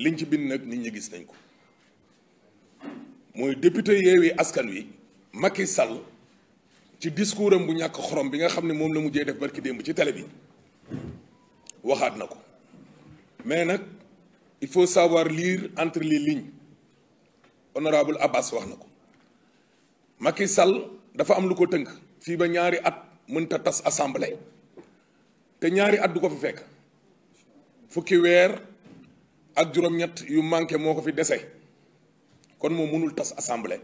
liñ ci bind nag nit ñi gis nañ ko mooy député Yewwi Askan Wi Macky Sall ci discours am bu ñàkk xorom bi nga xam ne moom la mujjee def barki démb ci télé bi waxaat na ko mais nag il faut savoir lire entre les lignes honorable Abbas wax na ko Macky Sall dafa am lu ko tënk fii ba ñaari at mënta tas assemblée te ñaari at du ko fi fekk fukki weer ak juróom-ñett yu manqué moo ko fi dese kon moo mënul tas assemblée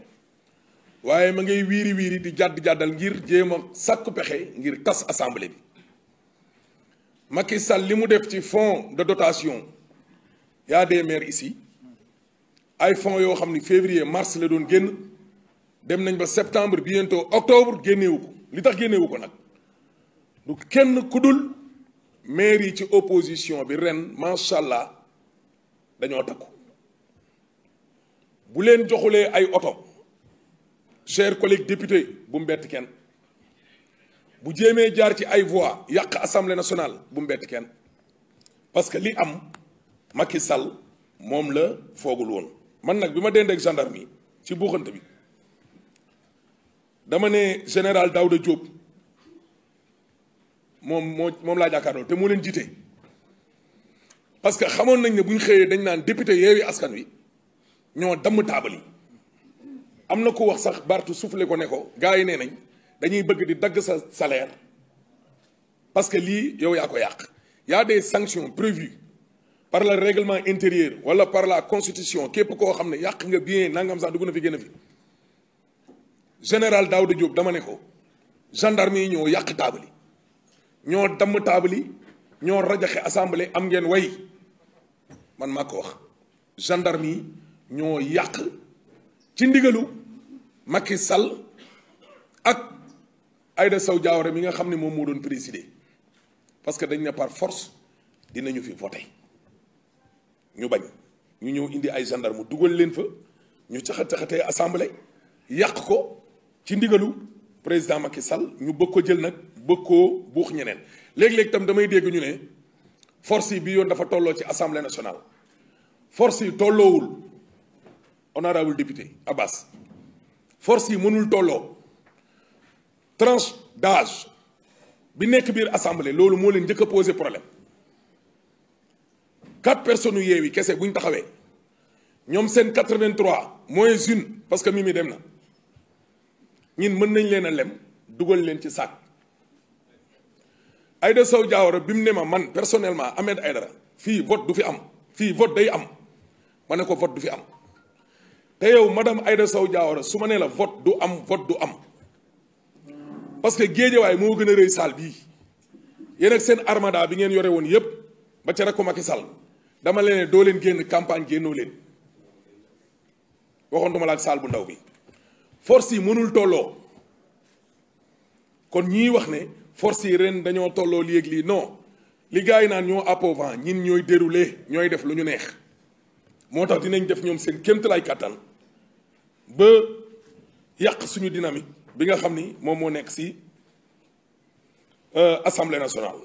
waaye ma ngay wiiri wiiri di jàdd jàddal ngir jéem a sàkku pexe ngir tas assemblée bi Macky Sall li mu def ci fonds de dotation yaa a des maires ay fonds yoo xam ni février mars la doon génn dem nañ ba septembre bi bientôt octobre génnewu ko li tax génnewu ko nag du kenn ku dul maire yi ci opposition bi ren macha allah. dañoo takku bu leen joxulee ay oto chers collègues députés bu mu mbett kenn bu jéemee jaar ci ay voix yàq assemblée nationale bu mbett kenn parce que li am Macky sal moom la foogul woon man nag bi ma dendeeg gendarme yi ci buuxante bi dama ne général Daouda Diop moom moo moom laa jàkkaarloo te moo leen jiite parce que xamoon nañ ne bu xëyee dañ naan député yeewi askan wi ñoo damm taabal am na ko wax sax Bartu soufflé ko ne ko gars yi nee nañ dañuy bëgg di dagg sa salaire parce que lii yow yaa ko yàq y a des sanctions prévues par la règlement intérieur wala par la constitution képp koo xam ne yàq nga bien nangam sax dugg na fi gën a fi général Daouda Diop dama ne ko gendarme yi ñoo yàq taabal yi ñoo damm taabal yi ñoo rajaxe assemblée am ngeen way man maa ko wax gendarme yi ñoo yàq ci ndigalu Macky sal ak ayda Sow Diawara mi nga xam ne moom moo doon présider parce que dañ ne par force dinañu fi voté ñu bañ ñu ñëw indi ay gendarme dugal leen fa ñu caxat caxatee assemblée yàq ko ci ndigalu président Macky sal ñu bëgg ko jël nag bëgg koo buux ñeneen léeg-léeg itam damay dégg ñu ne force yi bi yoon dafa tolloo ci assemblée nationale force yi tolloowul honorable député Abbas force yi mënul tolloo tranche d'âge bi nekk biir assemblée loolu moo leen njëkk a posé problème quatre personnes yu yeewi kese bu taxawee ñoom seen 83 moins une parce que Mimi dem na ñin mën nañ leen a lem dugal leen ci sac Aïda Sow Diawara bi mu ne ma man personnellement Ahmed Aïdara fii vote du fi am fii vote day am ma ne ko vote du fi am te ma madame Aïda Sow Diawara su ma nee la vote du am vote du am parce que géejawaay moo gën a rëy saal bii yéen ak seen armada bi ngeen yore woon yépp ba ca rakku Macky Sall dama leen doo leen génn campagne génnoo leen waxoon duma laaj saal bu ndaw bi force yi mënul tolloo kon ñii wax ne force yi ren dañoo tolloo lii ak lii non li gars yi naan ñoo appauvant ñin ñooy déroulé ñooy def lu ñu neex moo tax dinañ def ñoom seen kéemtalaay kàttan ba yàq suñu dynamique bi nga xam ni moom moo nekk si euh, assemblée nationale.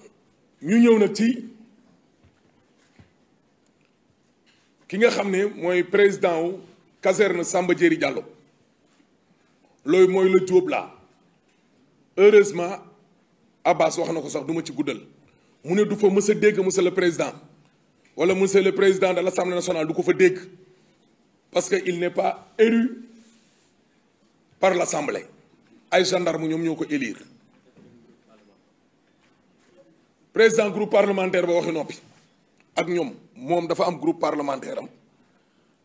ñu ñëw nag ci ki nga xam ni mooy président wu caserne Samba Diéry Diallo loolu mooy la jóob laa heureusement. Abbas wax na ko sax duma ci guddal mu ne du fa mës dégg monsieur le président wala monsieur le président de l' assemblée nationale du ko fa dégg parce que il n' pas élu par l' assemblée ay gendarme ñoom ñoo ko élire président groupe parlementaire ba waxi noppi ak ñoom moom dafa am groupe parlementaire am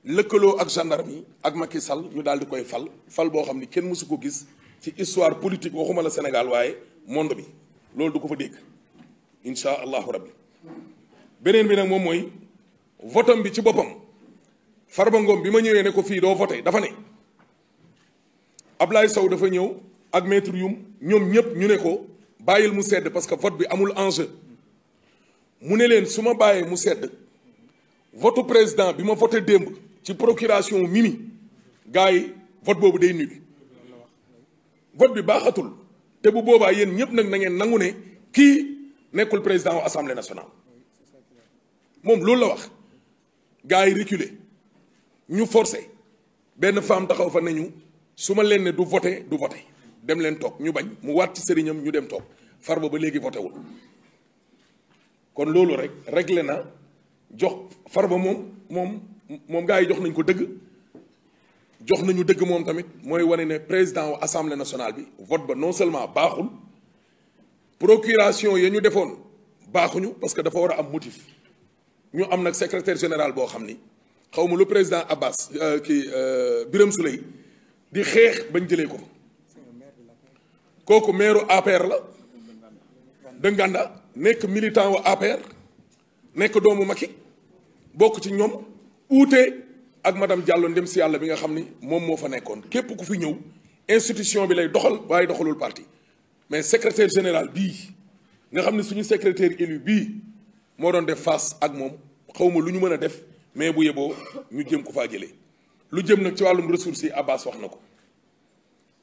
lëkkaloo ak gendarme yi ak Macky sal ñu daal di koy fal fal boo xam ni kenn mësu ko gis ci histoire politique waxuma la Sénégal waaye monde bi loolu du ko fa dégg insha allahu rabbi beneen bi nag moom mooy votam bi ci boppam Farba Ngom bi ma ñëwee ne ko fii doo voté dafa ne ab lay Sow dafa ñëw ak maître yum ñoom ñëpp ñu ne ko bàyyil mu sedd parce que vote bi amul enjeu mu ne leen su ma bàyyee mu sedd votu président bi ma voté démb ci procuration mimi gars yi vote boobu day nul vote bi baaxatul te bu boobaa yéen ñëpp nag na ngeen nangu ne kii nekkul président wu assemblée nationale moom loolu la wax gars yi reculer ñu forcé benn femme taxaw fa ne ñu su ma leen ne du voté du voté dem leen toog ñu bañ mu waat ci sëriñam ñu dem toog far ba ba léegi voté wul kon loolu rek réglé na jox Farba moom moom moom gaa yi jox nañ ko dëgg. jox nañu dëgg moom tamit mooy wane ne président wu assemblée nationale bi vote ba non seulement baaxul procuration ya ñu defoon baaxuñu parce que dafa war a am motif ñu am nag secretaire général boo xam ni xaw ma lu président Abbas euh, kii euh, biram Souleye di xeex bañ jëlee ko kooku maire APR la dënganda nekk militant wu APR nekk doomu Macky bokk ci ñoom uute. ak madame Diallo ndem si yàlla bi nga xam ni moom moo fa nekkoon képp ku fi ñëw institution bi lay doxal waaye doxalul parti mais secretaire général bii nga xam ne suñu secretaire élu bii moo doon def fas ak moom xawma lu ñu mën a def mais bu yeboo ñu jëm ko faa jëlee lu jëm nag ci wàllum ressources yi Abbas wax na ko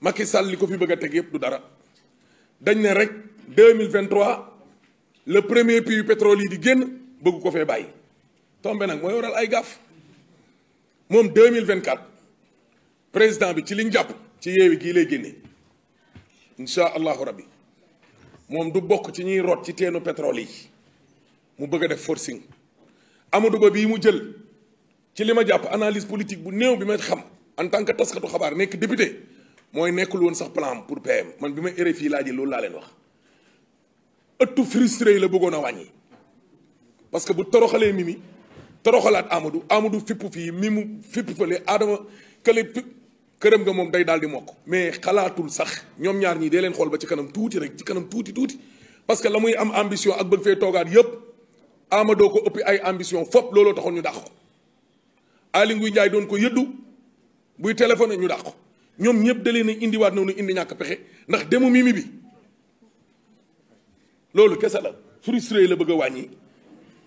Macky Sall li ko fi bëgg a teg yëpp du dara dañ ne rek deux mille vingt trois le premier prix pétrole yi di génn bëgg ko fee bàyyi tombe nag mooy waral ay gaaf. moom 2024 président bi ci liñ jàpp ci yeewi gii lay génnee incha allahu rabbi moom du bokk ci ñuy root ci teenu pétrole yi mu bëgg a def forcing Amadou Ba bii mu jël ci li ma jàpp analyse politique bu néew bi ma xam en tant que taskatu xabaar nekk député mooy nekkul woon sax plan pour PM man bi ma RFI laajee loolu laa leen wax ëttu frustré yi la bëggoon a wàññi parce que bu toroxalee Mimi toroxalaat Amadou Amadou fipp fii mii mu fipp fële Adama kële këram nga moom day daal di mokk mais xalaatul sax ñoom ñaar ñii dee leen xool ba ci kanam tuuti rek ci kanam tuuti tuuti parce que la muy am ambition ak bëgg fee toogaat yépp Amadou ko ëpp ay ambition foofu looloo taxoon ñu dàq ko Aly Ngouille njaay doon ko yëddu buy téléphoné ñu dàq ko ñoom ñëpp da leen indiwaat na indi ñàkk pexe ndax demu mimi bi loolu kese la frustré la bëgg wàññi.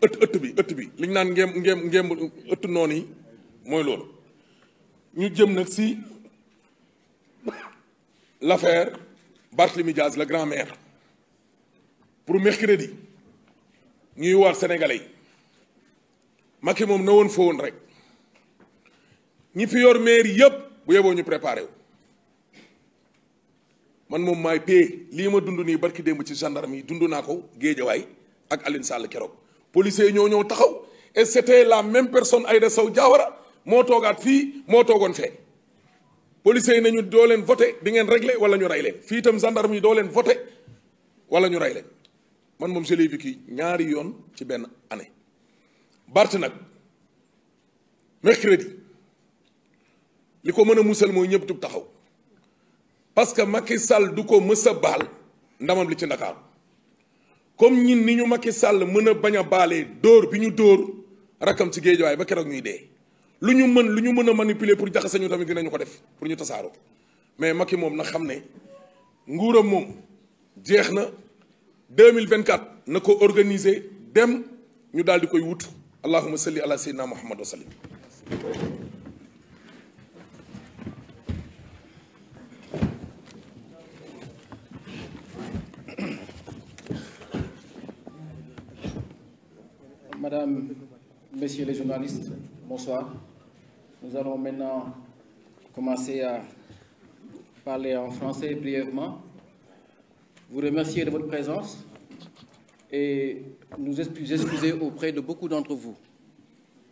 ëtt ëtt bi ëtt bi liñ naan ngeem ngeem ngeem ëtt noonu yi mooy loolu ñu jëm nag si l'affaire Barthélémy Diaz la grand maire pour mercredi ñuy war sénégalais yi Macky moom na woon foo woon rek ñi fi yor maire yëpp bu yeboo ñu préparé man moom maay pay lii ma dund nii barki démb ci gendarme yi dund naa ko géejawaay ak Aline Sall keroog policiers yi ñoo ñëw taxaw et la même personne Aïda saw Diawara moo toogaat fii moo toogoon fee policiers nañu doo leen voté di ngeen réglé wala ñu rey leen fii tam gendarme yi doo leen voté wala ñu rey leen man moom je l'ai ñaari yoon ci benn année Barth nag mercredi li ko mën a musal mooy ñëpp tub taxaw parce que Macky Sall du ko mës a baal ndamam li ci Ndakaaru comme ñin ni ñu Macky Sall mën a bañ a baalee dóor bi ñu dóor rakkam si géej waaye ba keroog ñuy dee lu ñu mën lu ñu mën a manipuler pour jaxase ñu tamit dinañu ko def pour ñu tasaaroo mais Macky moom na xam ne nguuram moom jeex na 2024 na ko organiser dem ñu daal di koy wut allahuma salli ala sayyidina muhammad wa sallim messieurs les journalistes, bonsoir. Nous allons maintenant commencer à parler en français brièvement. Vous remercier de votre présence et nous excuser auprès de beaucoup d'entre vous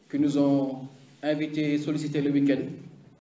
qui nous ont invités et sollicités le week-end